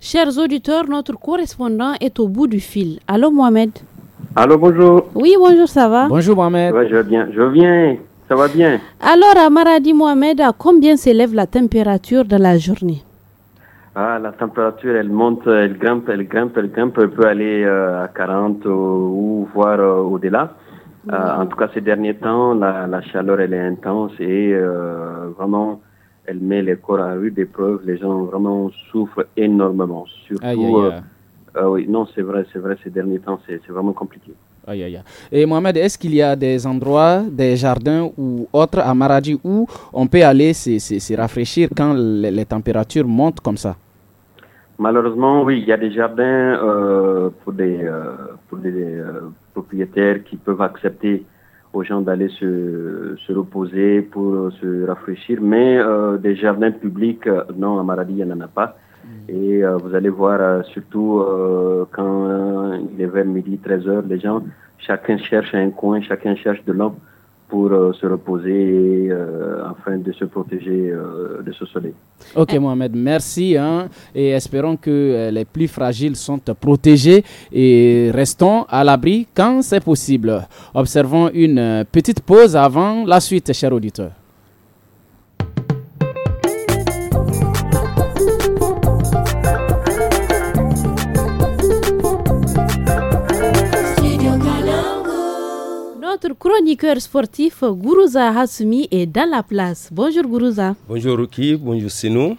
Chers auditeurs, notre correspondant est au bout du fil. Allô Mohamed Allô, bonjour. Oui, bonjour, ça va Bonjour Mohamed. je viens, je ça va bien. Alors, à Maradi Mohamed, à combien s'élève la température de la journée ah, la température, elle monte, elle grimpe, elle grimpe, elle grimpe, elle peut aller euh, à 40 ou voire euh, au-delà. Euh, en tout cas, ces derniers temps, la, la, chaleur, elle est intense et vraiment, elle met les corps à rude épreuve. Les gens vraiment souffrent énormément. Surtout, euh, ah oui, non, c'est vrai, c'est vrai, ces derniers temps, c'est vraiment compliqué. Aïe, aïe. Et Mohamed, est-ce qu'il y a des endroits, des jardins ou autres à Maradi où on peut aller se, rafraîchir quand les, températures montent comme ça Malheureusement, oui, il y a des jardins euh, pour des euh, propriétaires qui peuvent accepter aux gens d'aller se, reposer pour se rafraîchir. Mais euh, des jardins publics, euh, non, à Maradi, il n'y en a pas. Mm. Et euh, vous allez voir, surtout quand il est vers midi, 13h, les gens, chacun cherche un coin, chacun cherche de l'ombre pour euh, se reposer euh, afin de se protéger euh, de ce soleil. Ok eh. Mohamed, merci hein. et espérons que les plus fragiles sont protégés et restons à l'abri quand c'est possible. Observons une petite pause avant la suite, chers auditeurs. chroniqueur sportif Gourouza Hasumi est dans la place. Bonjour Gourouza. Bonjour Ruki, bonjour Sinou.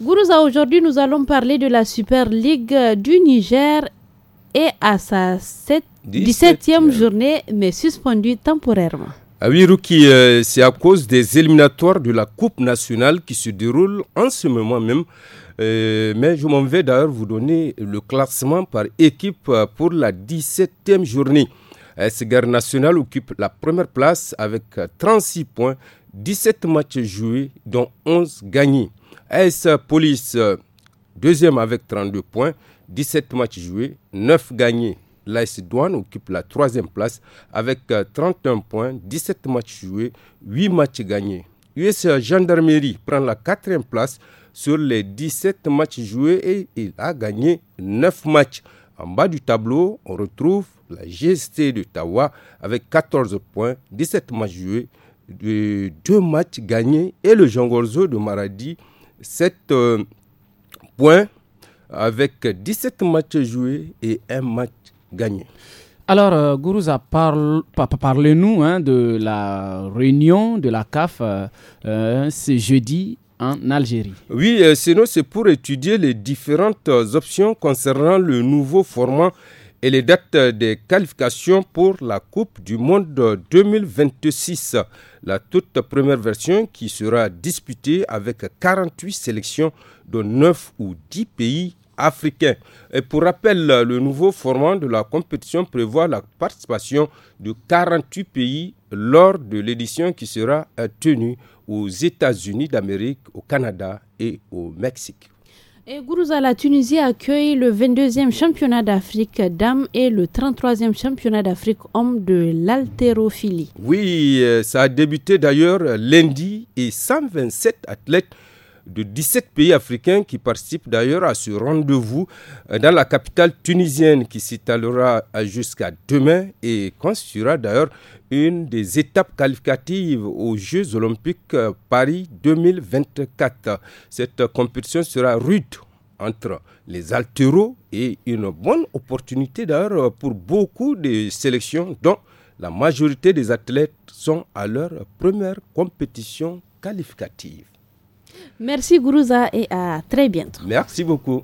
Gourouza, aujourd'hui nous allons parler de la Super League euh, du Niger et à sa 17e, journée mais suspendue temporairement. Ah oui, Ruki, euh, c'est à cause des éliminatoires de la Coupe nationale qui se déroule en ce moment même. Euh, mais je m'en vais d'ailleurs vous donner le classement par équipe pour la 17e journée. Guerre Nationale occupe la première place avec 36 points, 17 matchs joués, dont 11 gagnés. AS Police, deuxième avec 32 points, 17 matchs joués, 9 gagnés. L'AS Douane occupe la troisième place avec 31 points, 17 matchs joués, 8 matchs gagnés. US Gendarmerie prend la quatrième place sur les 17 matchs joués et il a gagné 9 matchs. En bas du tableau, on retrouve la GST de Tawa avec 14 points, 17 matchs joués, deux matchs gagnés et le Gorzo de Maradi 7 euh, points avec 17 matchs joués et un match gagné. Alors, euh, Gourouza, parle, nous hein, de la réunion de la CAF euh, ce jeudi en Algérie. Oui, euh, sinon c'est pour étudier les différentes options concernant le nouveau format et les dates des qualifications pour la Coupe du Monde 2026. La toute première version qui sera disputée avec 48 sélections de 9 ou 10 pays africains. Et pour rappel, le nouveau format de la compétition prévoit la participation de 48 pays lors de l'édition qui sera tenue aux États-Unis d'Amérique, au Canada et au Mexique. Et Gourouza, la Tunisie accueille le 22e championnat d'Afrique dames et le 33e championnat d'Afrique hommes de l'haltérophilie. Oui, euh, ça a débuté d'ailleurs lundi et 127 athlètes de 17 pays africains qui participent d'ailleurs à ce rendez-vous euh, dans la capitale tunisienne qui s'étalera euh, jusqu'à demain et constituera d'ailleurs une des étapes qualificatives aux Jeux olympiques euh, Paris 2024. Cette compétition sera rude entre les altéraux et une bonne opportunité d'ailleurs pour beaucoup de sélections dont la majorité des athlètes sont à leur première compétition qualificative. Merci Gourouza et à très bientôt. Merci beaucoup.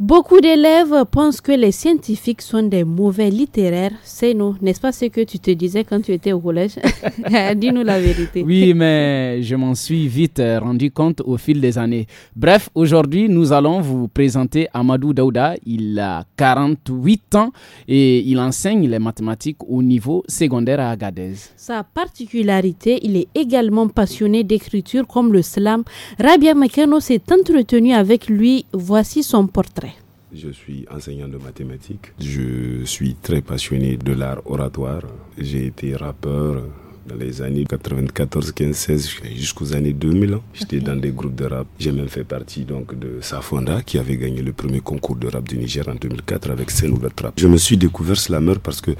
Beaucoup d'élèves pensent que les scientifiques sont des mauvais littéraires. C'est nous, n'est-ce pas ce que tu te disais quand tu étais au collège ah, Dis-nous la vérité. Oui, mais je m'en suis vite euh, rendu compte au fil des années. Bref, aujourd'hui, nous allons vous présenter Amadou Daouda. Il a 48 ans et il enseigne les mathématiques au niveau secondaire à Agadez. Sa particularité, il est également passionné d'écriture comme le slam. Rabia Mekano s'est entretenu avec lui. Voici son portrait. Je suis enseignant de mathématiques. Je suis très passionné de l'art oratoire. J'ai été rappeur dans les années 94, 15, 16 jusqu'aux années 2000. J'étais dans des groupes de rap. J'ai même fait partie donc de Safonda qui avait gagné le premier concours de rap du Niger en 2004 avec Senou Trap. Je me suis découvert Slammer parce que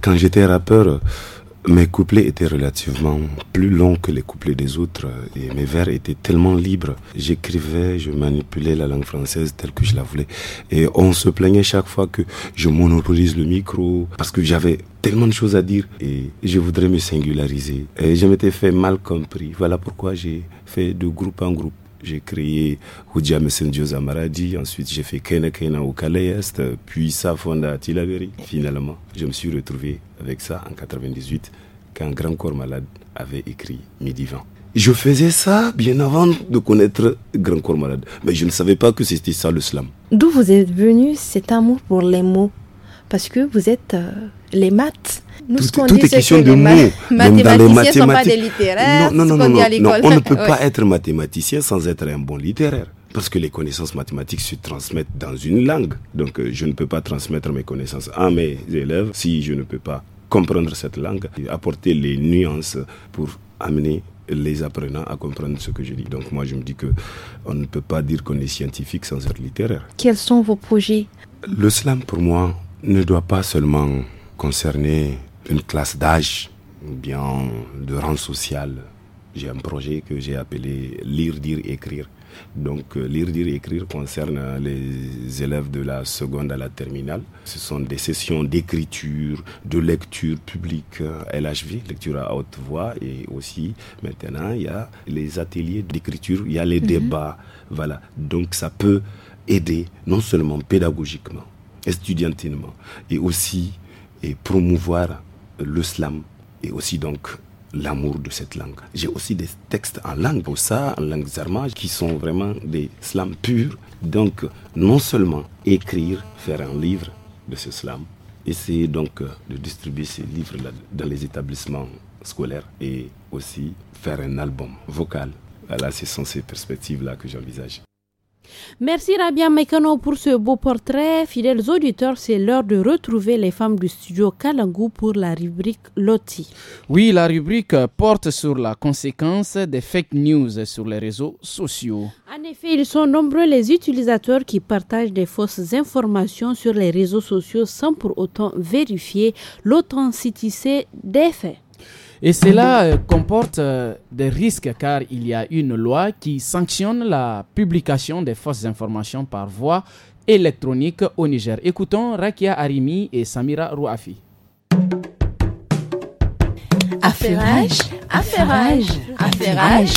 quand j'étais rappeur, mes couplets étaient relativement plus longs que les couplets des autres euh, et mes vers étaient tellement libres. J'écrivais, je manipulais la langue française telle que je la voulais. Et on se plaignait chaque fois que je monopolise le micro parce que j'avais tellement de choses à dire et je voudrais me singulariser. Et je m'étais fait mal compris. Voilà pourquoi j'ai fait de groupe en groupe. J'ai créé Houdia Messendioza Maradi ensuite j'ai fait Kena Kena au Calais puis Safonda à Tilaberi. Finalement, je me suis retrouvé avec ça en 98 quand Grand Corps Malade avait écrit Midivan. Je faisais ça bien avant de connaître Grand Corps Malade, mais je ne savais pas que c'était ça le slam. D'où vous êtes venu cet amour pour les mots parce que vous êtes euh, les maths. Nous, tout, est question de les mots. ne sont pas des littéraires. Non, non, non, on ne peut pas être mathématicien sans être un bon littéraire. Parce que les connaissances mathématiques se transmettent dans une langue. Donc, euh, je ne peux pas transmettre mes connaissances à mes élèves si je ne peux pas comprendre cette langue, et apporter les nuances pour amener les apprenants à comprendre ce que je dis. Donc moi je me dis que on ne peut pas dire qu'on est scientifique sans être littéraire. Quels sont vos projets Le slam pour moi ne doit pas seulement concerner une classe d'âge ou bien de rang social. J'ai un projet que j'ai appelé Lire, dire, écrire. Donc euh, lire, dire, écrire concerne les élèves de la seconde à la terminale. Ce sont des sessions d'écriture, de lecture publique euh, LHV, lecture à haute voix, et aussi maintenant il y a les ateliers d'écriture, il y a les mhm. débats. Voilà, donc ça peut aider non seulement pédagogiquement, estudiantinement et aussi et promouvoir le slam et aussi donc l'amour de cette langue. J'ai aussi des textes en langue bossa, en langue zarma, qui sont vraiment des slams purs. Donc, non seulement écrire, faire un livre de ce slam, essayer donc euh, de distribuer ces livres-là dans les établissements scolaires et aussi faire un album vocal. Voilà, ce sont ces perspectives-là que j'envisage. Merci Rabia Mekano pour ce beau portrait. Fidèles auditeurs, c'est l'heure de retrouver les femmes du studio Kalangu pour la rubrique Loti. Oui, la rubrique euh, porte sur la conséquence des fake news sur les réseaux sociaux. En effet, ils sont nombreux les utilisateurs qui partagent des fausses informations sur les réseaux sociaux sans pour autant vérifier l'authenticité des faits. Et cela euh, comporte euh, des risques car il y a une loi qui sanctionne la publication des fausses informations par voie électronique au Niger. Écoutons Rakia Arimi et Samira Rouafi. affairage, affairage. affairage.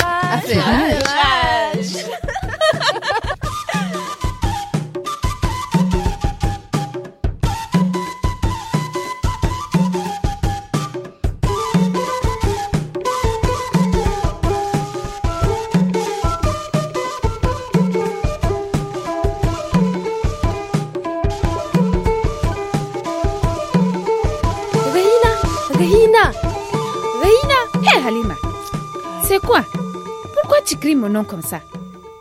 Halima, c'est quoi Pourquoi tu cries mon nom comme ça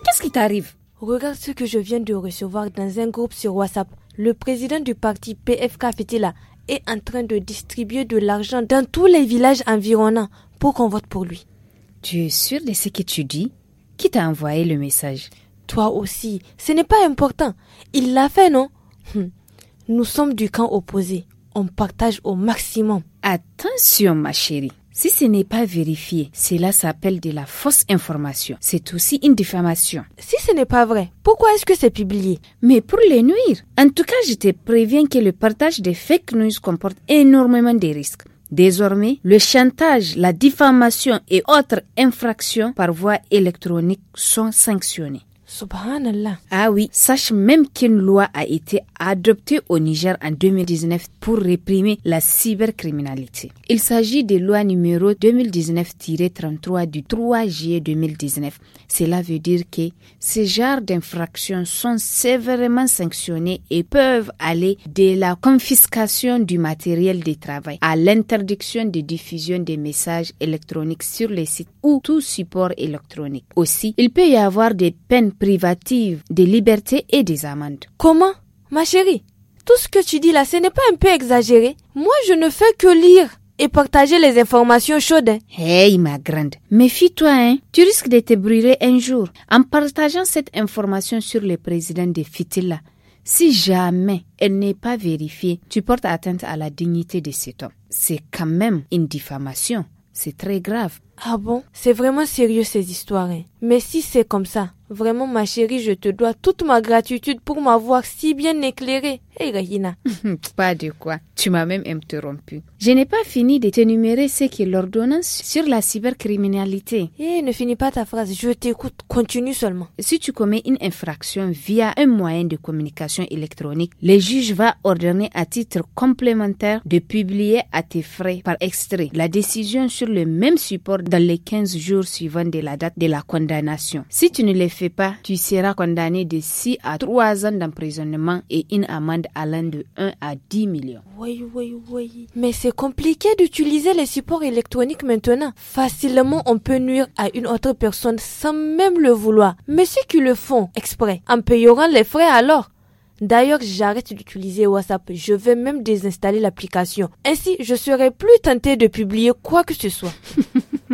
Qu'est-ce qui t'arrive Regarde ce que je viens de recevoir dans un groupe sur WhatsApp. Le président du parti PFK Fetila est en train de distribuer de l'argent dans tous les villages environnants pour qu'on vote pour lui. Tu es sûr de ce que tu dis Qui t'a envoyé le message Toi aussi, ce n'est pas important. Il l'a fait, non hum. Nous sommes du camp opposé. On partage au maximum. Attention, ma chérie. Si ce n'est pas vérifié, cela s'appelle de la fausse information. C'est aussi une diffamation. Si ce n'est pas vrai, pourquoi est-ce que c'est publié Mais pour les nuire. En tout cas, je te préviens que le partage des fake news comporte énormément de risques. Désormais, le chantage, la diffamation et autres infractions par voie électronique sont sanctionnées. Subhanallah. Ah oui, sache même qu'une loi a été adoptée au Niger en 2019 pour réprimer la cybercriminalité. Il s'agit de loi numéro 2019-33 du 3 juillet 2019 cela veut dire que ces genres d'infractions sont sévèrement sanctionnées et peuvent aller de la confiscation du matériel de travail à l'interdiction de diffusion des messages électroniques sur les sites ou tout support électronique. Aussi, il peut y avoir des peines privatives des libertés et des amendes. Comment Ma chérie, tout ce que tu dis là, ce n'est pas un peu exagéré Moi, je ne fais que lire et partager les informations chaudes. Hey, ma grande, méfie-toi, hein. Tu risques de te brûler un jour en partageant cette information sur le président de Fitila. Si jamais elle n'est pas vérifiée, tu portes atteinte à la dignité de cet homme. C'est quand même une diffamation. C'est très grave. Ah bon C'est vraiment sérieux ces histoires. Hein. Mais si c'est comme ça, vraiment ma chérie, je te dois toute ma gratitude pour m'avoir si bien éclairée. Hé Regina pas de quoi. Tu m'as même interrompu. Je n'ai pas fini de t'énumérer ce qu'est l'ordonnance sur la cybercriminalité. Hé, eh, ne finis pas ta phrase. Je t'écoute. Continue seulement. Si tu commets une infraction via un moyen de communication électronique, le juge va ordonner à titre complémentaire de publier à tes frais par extrait la décision sur le même support dans les 15 jours suivants de la date de la condamnation. Si tu ne les fais pas, tu seras condamné de 6 à 3 ans d'emprisonnement et une amende allant de 1 à 10 millions. Oui, oui, oui. Mais c'est compliqué d'utiliser les supports électroniques maintenant. Facilement, on peut nuire à une autre personne sans même le vouloir. Mais ceux qui le font exprès, en payant les frais alors, D'ailleurs, j'arrête d'utiliser WhatsApp. Je vais même désinstaller l'application. Ainsi, je serai plus tentée de publier quoi que ce soit.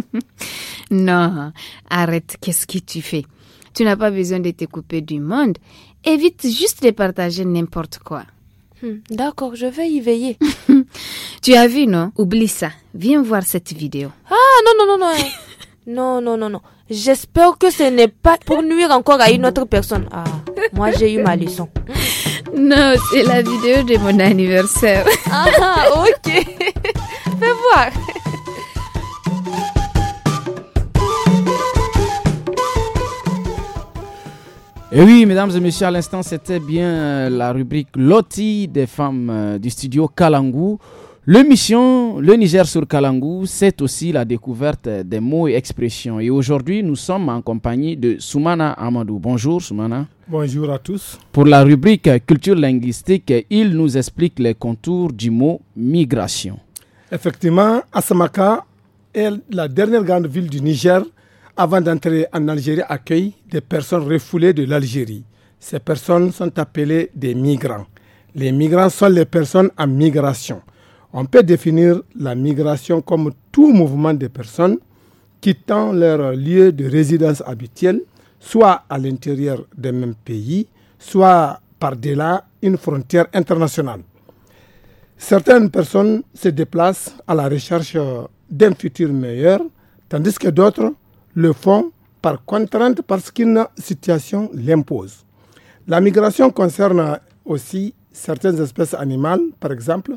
non, arrête. Qu'est-ce que tu fais Tu n'as pas besoin de te couper du monde. Évite juste de partager n'importe quoi. Hmm, d'accord, je vais y veiller. tu as vu, non Oublie ça. Viens voir cette vidéo. Ah, non, non, non, non. non, non, non, non. J'espère que ce n'est pas pour nuire encore à une autre personne. Ah. Moi, j'ai eu ma leçon. Non, c'est la vidéo de mon anniversaire. Ah, ok. Fais voir. Et eh oui, mesdames et messieurs, à l'instant, c'était bien euh, la rubrique Lotti des femmes euh, du studio Kalangu mission, Le Niger sur Kalangou, c'est aussi la découverte des mots et expressions. Et aujourd'hui, nous sommes en compagnie de Soumana Amadou. Bonjour Soumana. Bonjour à tous. Pour la rubrique Culture linguistique, il nous explique les contours du mot migration. Effectivement, Asamaka est la dernière grande ville du Niger avant d'entrer en Algérie accueille des personnes refoulées de l'Algérie. Ces personnes sont appelées des migrants. Les migrants sont les personnes en migration. On peut définir la migration comme tout mouvement de personnes quittant leur lieu de résidence habituel, soit à l'intérieur d'un même pays, soit par-delà une frontière internationale. Certaines personnes se déplacent à la recherche d'un futur meilleur, tandis que d'autres le font par contrainte parce qu'une situation l'impose. La migration concerne aussi certaines espèces animales, par exemple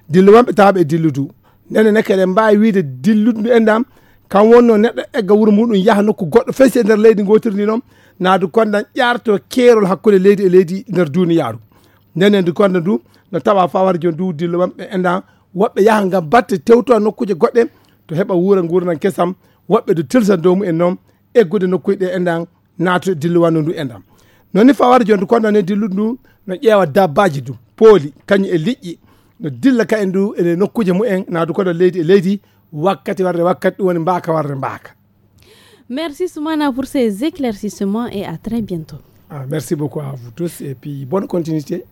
dillu maɓɓe tawa ɓe dilludu nden ne kadi mbawi wiide dilluɗo e dam kam wonno neɗɗo egga wuuro muɗum yaaha nokku goɗɗo fesi e nder leydi gotir ndi noon naadu kondan ƴarto keerol hakkude leydi e leydi nder duniyaru nden en du konda du no tawa fawar joni du dillo e enda woɓɓe yaha ngam batte tewto nokkuje goɗɗe to heɓa wuura guurnan kesam woɓɓe do tilsan dow mumen noon eggude nokkuje ɗe endan naato dillo wanno ndu e endam noni fawar joni du kondan ne dilludu ndu no ƴeewa dabbaji du pooli kañum e liƴƴi no dilla ka en du ene nokkuje en naadu koɗo leydi e leydi wakkati warde wakkati ɗum woni mbaka warde mbaka merci soumana pour ces éclaircissements et à très bientôt ah, merci beaucoup à vous tous et puis bonne continuité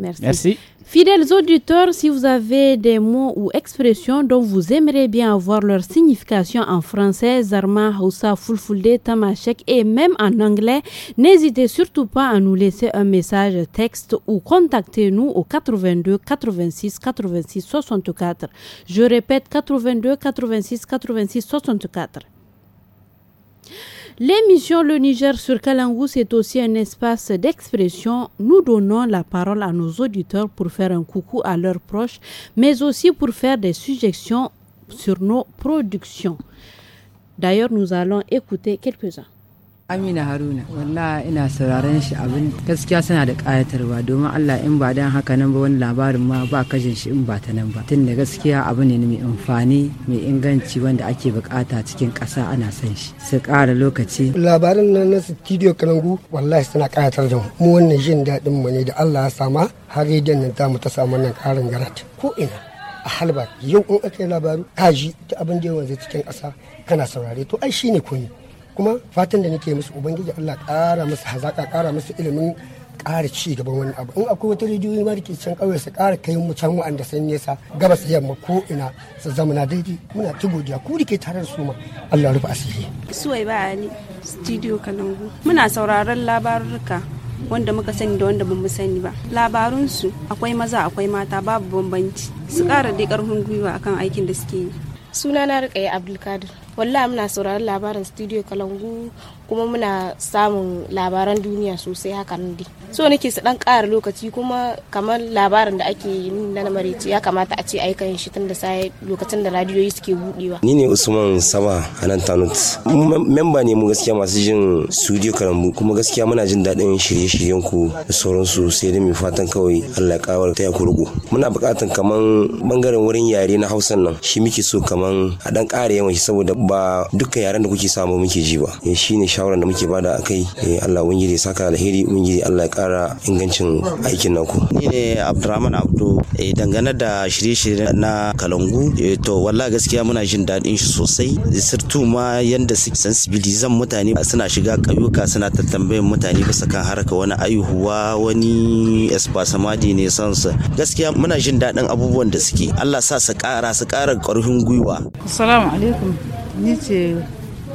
Merci. Fidèles auditeurs, si vous avez des mots ou expressions dont vous aimeriez bien avoir leur signification en français, Zarma, Hausa, Fulfulde, Tamashek et même en anglais, n'hésitez surtout pas à nous laisser un message texte ou contactez-nous au 82 86 86 64. Je répète 82 86 86 64. L'émission Le Niger sur Kalangu, c'est aussi un espace d'expression. Nous donnons la parole à nos auditeurs pour faire un coucou à leurs proches, mais aussi pour faire des suggestions sur nos productions. D'ailleurs, nous allons écouter quelques-uns. Amina Haruna wallahi ina sauraron shi abin gaskiya suna da kayatarwa domin Allah in ba dan haka nan ba wani labarin ma ba kajin shi in ba ta nan ba tunda gaskiya abu ne mai amfani mai inganci wanda ake bukata cikin ƙasa ana son shi su ƙara lokaci labarin nan na studio Kalangu wallahi suna kayatar da mu mu wannan jin daɗin mu ne da Allah ya sama har rediyon nan tamu ta samu nan ƙarin garat ko ina a halba yau in aka yi labaru kaji ta abin da yawan zai cikin ƙasa kana saurare to ai shine kuni. kuma fatan da nake musu ubangiji Allah kara musu hazaƙa kara musu ilimin ƙara ci gaban wani abu in akwai wata rijiyoyi ma dake can ƙauye su kara kai mu can wa'anda sun nesa gabas yamma ko ina su zamana daidai muna ci godiya ku rike tare da su ma Allah rufe asiri suwai ba ali studio kalangu muna sauraron labaruka wanda muka sani da wanda bamu sani ba labarunsu akwai maza akwai mata babu bambanci su ƙara dai ƙarfin gwiwa akan aikin da suke yi suna na ya abdulkadir wallahi muna sauraron labarin studio kalangu kuma muna samun labaran duniya sosai hakan dai so nake su dan ƙara lokaci kuma kamar labarin da ake na ya kamata a ce a yi shi tun da sai lokacin da radiyoyi suke budewa ni ne usman sama a nan tanut memba ne mu gaskiya masu jin studio karambu kuma gaskiya muna jin daɗin shirye-shiryen ku da sauransu sai dai mai fatan kawai allah ya kawar ta ya kurgu muna buƙatan kaman bangaren wurin yare na hausan nan shi muke so kamar a dan ƙara yawan shi saboda ba duka yaren da kuke samu muke ji ba eh, shine shawarar da muke bada a kai eh, Allah wani ya saka alheri ubangiji Allah ya kara ingancin aikin naku ni ne Abdurrahman Abdu eh, dangane da shirye-shirye na Kalangu eh, to walla gaskiya muna jin daɗin shi sosai sirtu ma yanda su sensibilizan mutane suna shiga ƙauyuka suna tattambayin mutane bisa kan haraka wani aihuwa wani espasamadi ne sansa gaskiya muna jin daɗin abubuwan da suke Allah sa su ƙara su ƙara ƙarfin gwiwa assalamu alaikum ni ce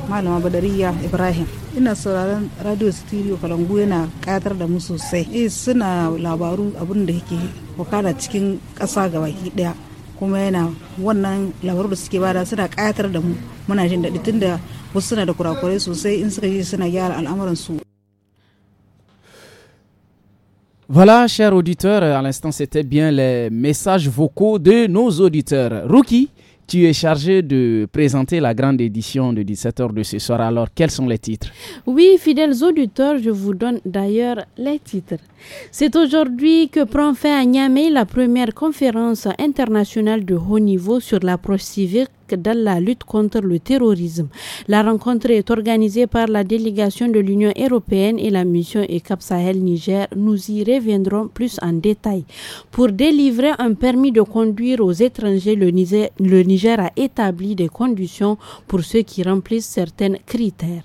malama badariya ibrahim ina sauraron radio studio kalangu yana katar da mu sosai eh suna labaru abin da yake wakana cikin ƙasa gabaki daya kuma yana wannan labaru da suke bada suna katar da mu muna jin daɗi tunda wasu suna da kurakurai sosai in suka yi suna gyara al'amuran su Voilà, chers auditeurs, à l'instant, c'était bien les messages vocaux de nos auditeurs. Rookie, tu es chargé de présenter la grande édition de 17h de ce soir. Alors, quels sont les titres Oui, fidèles auditeurs, je vous donne d'ailleurs les titres. C'est aujourd'hui que prend fin à Niamey la première conférence internationale de haut niveau sur l'approche civique dans la lutte contre le terrorisme. La rencontre est organisée par la délégation de l'Union européenne et la mission ECAP Sahel Niger. Nous y reviendrons plus en détail. Pour délivrer un permis de conduire aux étrangers, le Niger, a établi des conditions pour ceux qui remplissent certains critères.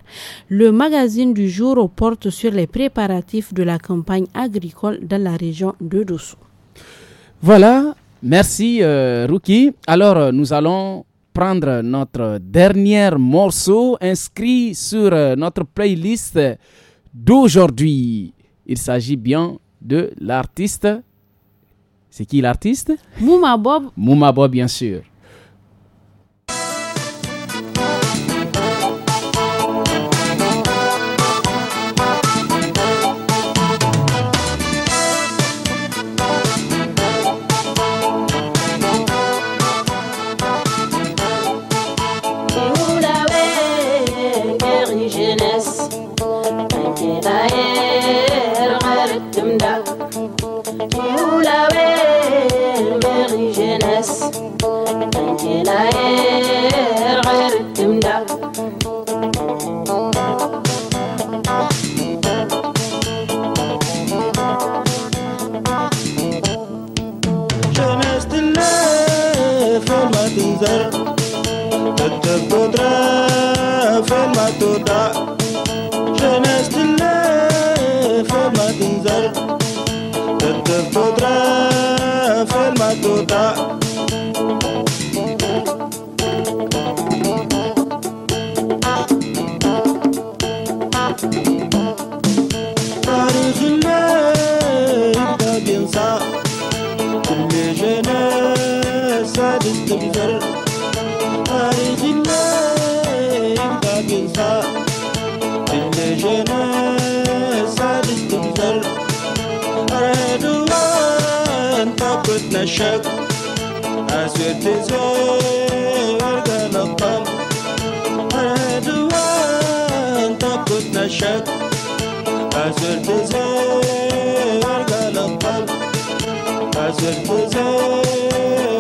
Le magazine du jour porte sur les préparatifs de la campagne agricole dans la région de Dosso. Voilà, merci rookie euh, Ruki. Alors euh, nous allons prendre notre dernier morceau inscrit sur euh, notre playlist d'aujourd'hui. Il s'agit bien de l'artiste. C'est qui l'artiste Mouma Bob. Mouma Bob, bien sûr. ነሸጉ አስዌድ ዞር ገለጠሙ ረድዋን ተኩት ነሸጉ አስዌድ ዞር ገለጠሙ አስዌድ ዞር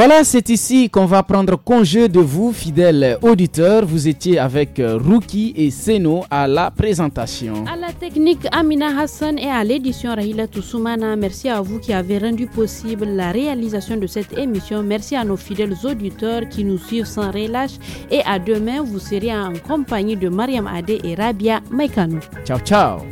Voilà, c'est ici qu'on va prendre congé de vous, fidèles auditeurs. Vous étiez avec euh, Rookie et Seno à la présentation. À la technique Amina Hassan et à l'édition Rahila Toussoumana, merci à vous qui avez rendu possible la réalisation de cette émission. Merci à nos fidèles auditeurs qui nous suivent sans relâche. Et à demain, vous serez en compagnie de Mariam Adé et Rabia Maikano. Ciao, ciao!